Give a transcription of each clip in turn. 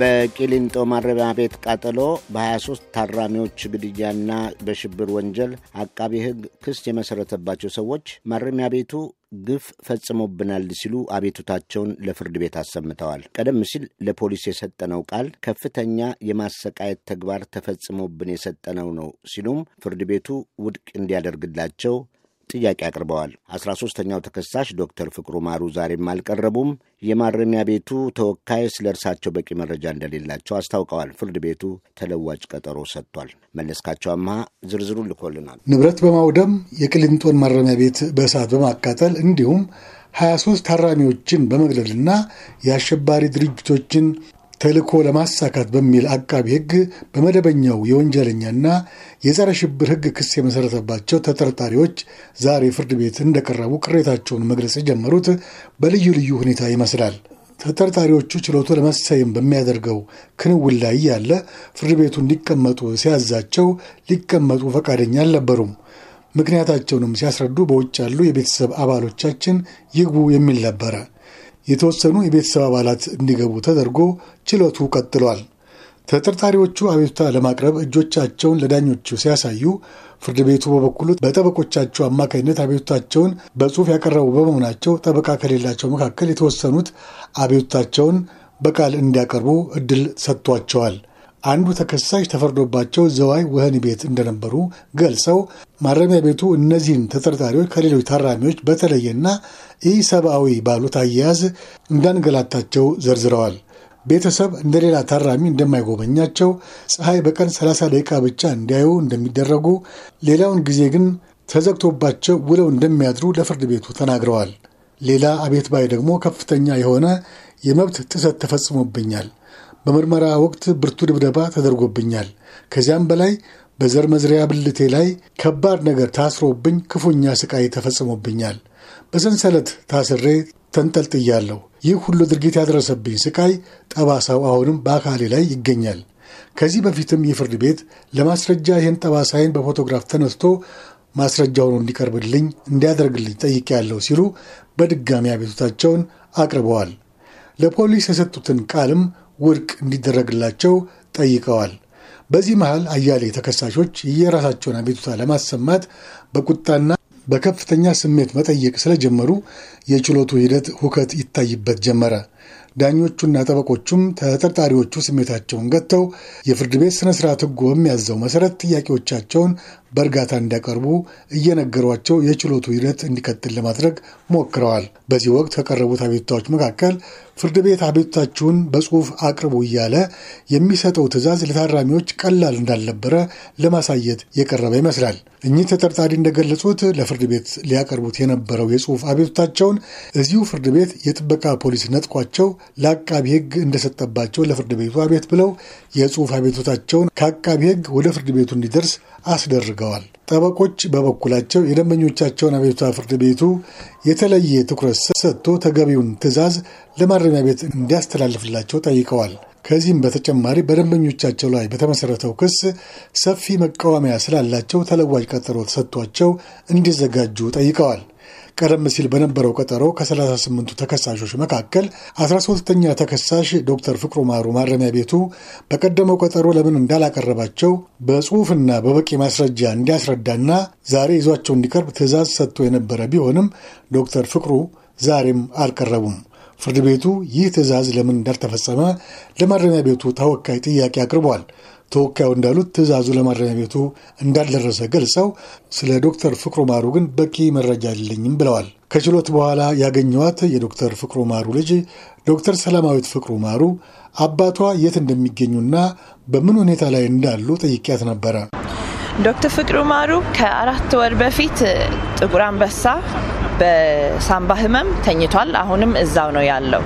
በቂሊንጦ ማረሚያ ቤት ቃጠሎ በ23 ታራሚዎች ግድያና በሽብር ወንጀል አቃቢ ሕግ ክስ የመሠረተባቸው ሰዎች ማረሚያ ቤቱ ግፍ ፈጽሞብናል ሲሉ አቤቱታቸውን ለፍርድ ቤት አሰምተዋል። ቀደም ሲል ለፖሊስ የሰጠነው ቃል ከፍተኛ የማሰቃየት ተግባር ተፈጽሞብን የሰጠነው ነው ሲሉም ፍርድ ቤቱ ውድቅ እንዲያደርግላቸው ጥያቄ አቅርበዋል። አስራ ሦስተኛው ተከሳሽ ዶክተር ፍቅሩ ማሩ ዛሬም አልቀረቡም። የማረሚያ ቤቱ ተወካይ ስለ እርሳቸው በቂ መረጃ እንደሌላቸው አስታውቀዋል። ፍርድ ቤቱ ተለዋጭ ቀጠሮ ሰጥቷል። መለስካቸው አምሃ ዝርዝሩን ልኮልናል። ንብረት በማውደም የቅሊንጦን ማረሚያ ቤት በእሳት በማቃጠል እንዲሁም 23 ታራሚዎችን በመግደልና የአሸባሪ ድርጅቶችን ተልእኮ ለማሳካት በሚል አቃቢ ሕግ በመደበኛው የወንጀለኛና የጸረ ሽብር ሕግ ክስ የመሰረተባቸው ተጠርጣሪዎች ዛሬ ፍርድ ቤት እንደቀረቡ ቅሬታቸውን መግለጽ የጀመሩት በልዩ ልዩ ሁኔታ ይመስላል። ተጠርጣሪዎቹ ችሎቱ ለመሰየም በሚያደርገው ክንውን ላይ ያለ ፍርድ ቤቱ እንዲቀመጡ ሲያዛቸው ሊቀመጡ ፈቃደኛ አልነበሩም። ምክንያታቸውንም ሲያስረዱ በውጭ ያሉ የቤተሰብ አባሎቻችን ይግቡ የሚል ነበረ። የተወሰኑ የቤተሰብ አባላት እንዲገቡ ተደርጎ ችሎቱ ቀጥሏል። ተጠርጣሪዎቹ አቤቱታ ለማቅረብ እጆቻቸውን ለዳኞቹ ሲያሳዩ ፍርድ ቤቱ በበኩሉ በጠበቆቻቸው አማካኝነት አቤቱታቸውን በጽሑፍ ያቀረቡ በመሆናቸው ጠበቃ ከሌላቸው መካከል የተወሰኑት አቤቱታቸውን በቃል እንዲያቀርቡ እድል ሰጥቷቸዋል። አንዱ ተከሳሽ ተፈርዶባቸው ዘዋይ ወህኒ ቤት እንደነበሩ ገልጸው ማረሚያ ቤቱ እነዚህን ተጠርጣሪዎች ከሌሎች ታራሚዎች በተለየና ሰብአዊ ባሉት አያያዝ እንዳንገላታቸው ዘርዝረዋል። ቤተሰብ እንደሌላ ታራሚ እንደማይጎበኛቸው፣ ፀሐይ በቀን 30 ደቂቃ ብቻ እንዲያዩ እንደሚደረጉ፣ ሌላውን ጊዜ ግን ተዘግቶባቸው ውለው እንደሚያድሩ ለፍርድ ቤቱ ተናግረዋል። ሌላ አቤት ባይ ደግሞ ከፍተኛ የሆነ የመብት ጥሰት ተፈጽሞብኛል በምርመራ ወቅት ብርቱ ድብደባ ተደርጎብኛል። ከዚያም በላይ በዘር መዝሪያ ብልቴ ላይ ከባድ ነገር ታስሮብኝ ክፉኛ ስቃይ ተፈጽሞብኛል። በሰንሰለት ታስሬ ተንጠልጥያለሁ። ይህ ሁሉ ድርጊት ያደረሰብኝ ስቃይ ጠባሳው አሁንም በአካሌ ላይ ይገኛል። ከዚህ በፊትም የፍርድ ቤት ለማስረጃ ይህን ጠባሳይን በፎቶግራፍ ተነስቶ ማስረጃ ሆኖ እንዲቀርብልኝ እንዲያደርግልኝ ጠይቄያለሁ ሲሉ በድጋሚ አቤቱታቸውን አቅርበዋል። ለፖሊስ የሰጡትን ቃልም ውድቅ እንዲደረግላቸው ጠይቀዋል። በዚህ መሃል አያሌ ተከሳሾች የየራሳቸውን አቤቱታ ለማሰማት በቁጣና በከፍተኛ ስሜት መጠየቅ ስለጀመሩ የችሎቱ ሂደት ሁከት ይታይበት ጀመረ። ዳኞቹና ጠበቆቹም ተጠርጣሪዎቹ ስሜታቸውን ገጥተው የፍርድ ቤት ስነ ስርዓት ሕጉ በሚያዘው መሰረት ጥያቄዎቻቸውን በእርጋታ እንዲያቀርቡ እየነገሯቸው የችሎቱ ሂደት እንዲቀጥል ለማድረግ ሞክረዋል። በዚህ ወቅት ከቀረቡት አቤቱታዎች መካከል ፍርድ ቤት አቤቱታችሁን በጽሁፍ አቅርቡ እያለ የሚሰጠው ትዕዛዝ ለታራሚዎች ቀላል እንዳልነበረ ለማሳየት የቀረበ ይመስላል። እኚህ ተጠርጣሪ እንደገለጹት ለፍርድ ቤት ሊያቀርቡት የነበረው የጽሁፍ አቤቱታቸውን እዚሁ ፍርድ ቤት የጥበቃ ፖሊስ ነጥቋቸው ለአቃቢ ሕግ እንደሰጠባቸው ለፍርድ ቤቱ አቤት ብለው የጽሁፍ አቤቱታቸውን ከአቃቢ ሕግ ወደ ፍርድ ቤቱ እንዲደርስ አስደርገዋል። አድርገዋል። ጠበቆች በበኩላቸው የደንበኞቻቸውን አቤቱታ ፍርድ ቤቱ የተለየ ትኩረት ሰጥቶ ተገቢውን ትዕዛዝ ለማረሚያ ቤት እንዲያስተላልፍላቸው ጠይቀዋል። ከዚህም በተጨማሪ በደንበኞቻቸው ላይ በተመሠረተው ክስ ሰፊ መቃወሚያ ስላላቸው ተለዋጭ ቀጠሮ ተሰጥቷቸው እንዲዘጋጁ ጠይቀዋል። ቀደም ሲል በነበረው ቀጠሮ ከ38ቱ ተከሳሾች መካከል 13ተኛ ተከሳሽ ዶክተር ፍቅሩ ማሩ ማረሚያ ቤቱ በቀደመው ቀጠሮ ለምን እንዳላቀረባቸው በጽሁፍና በበቂ ማስረጃ እንዲያስረዳና ዛሬ ይዟቸው እንዲቀርብ ትዕዛዝ ሰጥቶ የነበረ ቢሆንም ዶክተር ፍቅሩ ዛሬም አልቀረቡም። ፍርድ ቤቱ ይህ ትዕዛዝ ለምን እንዳልተፈጸመ ለማረሚያ ቤቱ ተወካይ ጥያቄ አቅርቧል። ተወካዩ እንዳሉት ትዕዛዙ ለማረሚያ ቤቱ እንዳልደረሰ ገልጸው ስለ ዶክተር ፍቅሩ ማሩ ግን በቂ መረጃ የለኝም ብለዋል። ከችሎት በኋላ ያገኘዋት የዶክተር ፍቅሩ ማሩ ልጅ ዶክተር ሰላማዊት ፍቅሩ ማሩ አባቷ የት እንደሚገኙና በምን ሁኔታ ላይ እንዳሉ ጠይቄያት ነበረ። ዶክተር ፍቅሩ ማሩ ከአራት ወር በፊት ጥቁር አንበሳ በሳምባ ህመም ተኝቷል። አሁንም እዛው ነው ያለው።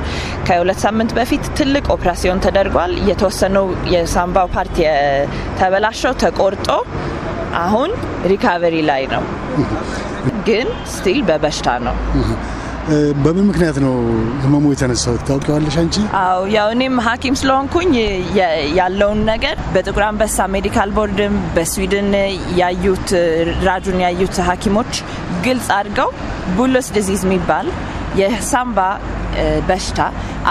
ከሁለት ሳምንት በፊት ትልቅ ኦፕራሲዮን ተደርጓል። የተወሰነው የሳምባው ፓርቲ የተበላሸው ተቆርጦ አሁን ሪካቨሪ ላይ ነው፣ ግን ስቲል በበሽታ ነው። በምን ምክንያት ነው ህመሙ የተነሳው ታውቂዋለሽ አንቺ? አዎ ያው እኔም ሐኪም ስለሆንኩኝ ያለውን ነገር በጥቁር አንበሳ ሜዲካል ቦርድም በስዊድን ያዩት ራጁን ያዩት ሐኪሞች ግልጽ አድርገው ቡሎስ ዲዚዝ የሚባል የሳምባ በሽታ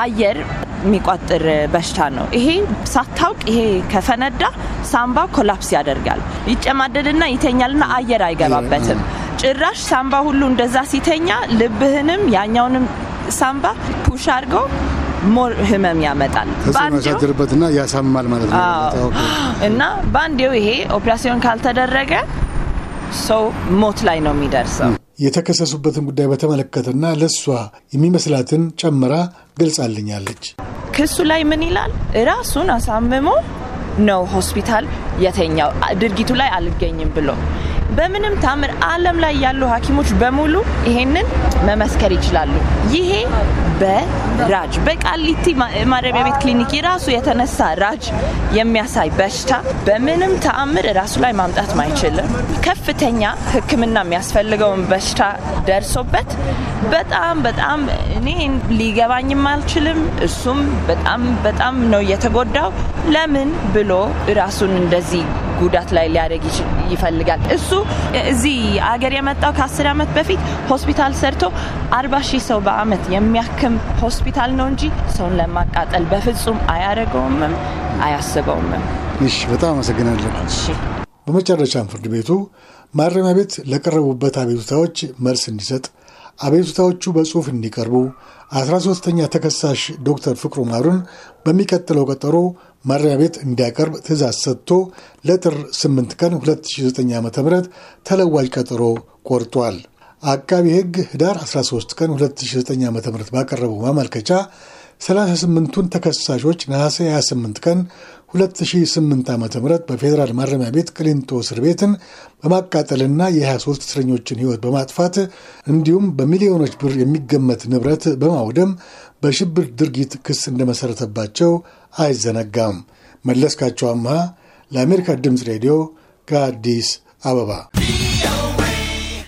አየር የሚቋጥር በሽታ ነው። ይሄ ሳታውቅ ይሄ ከፈነዳ ሳምባ ኮላፕስ ያደርጋል፣ ይጨማደድና ይተኛልና አየር አይገባበትም። ጭራሽ ሳምባ ሁሉ እንደዛ ሲተኛ ልብህንም ያኛውንም ሳምባ ፑሽ አድርገው ሞር ህመም ያመጣል ያሳድርበትና ያሳምማል ማለት ነው። እና በአንዴው ይሄ ኦፕራሲዮን ካልተደረገ ሰው ሞት ላይ ነው የሚደርሰው። የተከሰሱበትን ጉዳይ በተመለከተና ለእሷ የሚመስላትን ጨምራ ገልጻልኛለች። ክሱ ላይ ምን ይላል? ራሱን አሳምሞ ነው ሆስፒታል የተኛው ድርጊቱ ላይ አልገኝም ብሎ በምንም ታምር ዓለም ላይ ያሉ ሐኪሞች በሙሉ ይሄንን መመስከር ይችላሉ። ይሄ በራጅ በቃሊቲ ማረሚያ ቤት ክሊኒክ የራሱ የተነሳ ራጅ የሚያሳይ በሽታ በምንም ተአምር ራሱ ላይ ማምጣት ማይችልም። ከፍተኛ ሕክምና የሚያስፈልገውን በሽታ ደርሶበት በጣም በጣም እኔ ሊገባኝም አልችልም። እሱም በጣም በጣም ነው የተጎዳው። ለምን ብሎ ራሱን እንደዚህ ጉዳት ላይ ሊያደግ ይፈልጋል። እሱ እዚህ አገር የመጣው ከአስር ዓመት በፊት ሆስፒታል ሰርቶ አርባ ሺህ ሰው በአመት የሚያክም ሆስፒታል ነው እንጂ ሰውን ለማቃጠል በፍጹም አያደርገውምም አያስበውምም። እሺ፣ በጣም አመሰግናለሁ። በመጨረሻም ፍርድ ቤቱ ማረሚያ ቤት ለቀረቡበት አቤቱታዎች መልስ እንዲሰጥ አቤቱታዎቹ በጽሑፍ እንዲቀርቡ 13ተኛ ተከሳሽ ዶክተር ፍቅሩ ማሩን በሚቀጥለው ቀጠሮ ማረሚያ ቤት እንዲያቀርብ ትእዛዝ ሰጥቶ ለጥር 8 ቀን 2009 ዓ ም ተለዋጅ ቀጠሮ ቆርጧል። አቃቢ ሕግ ህዳር 13 ቀን 2009 ዓ ም ባቀረበው ማመልከቻ 38ቱን ተከሳሾች ነሐሴ 28 ቀን 2008 ዓ ም በፌዴራል ማረሚያ ቤት ቅሊንጦ እስር ቤትን በማቃጠልና የ23 እስረኞችን ሕይወት በማጥፋት እንዲሁም በሚሊዮኖች ብር የሚገመት ንብረት በማውደም በሽብር ድርጊት ክስ እንደመሠረተባቸው አይዘነጋም። መለስካቸው አምሃ ለአሜሪካ ድምፅ ሬዲዮ ከአዲስ አበባ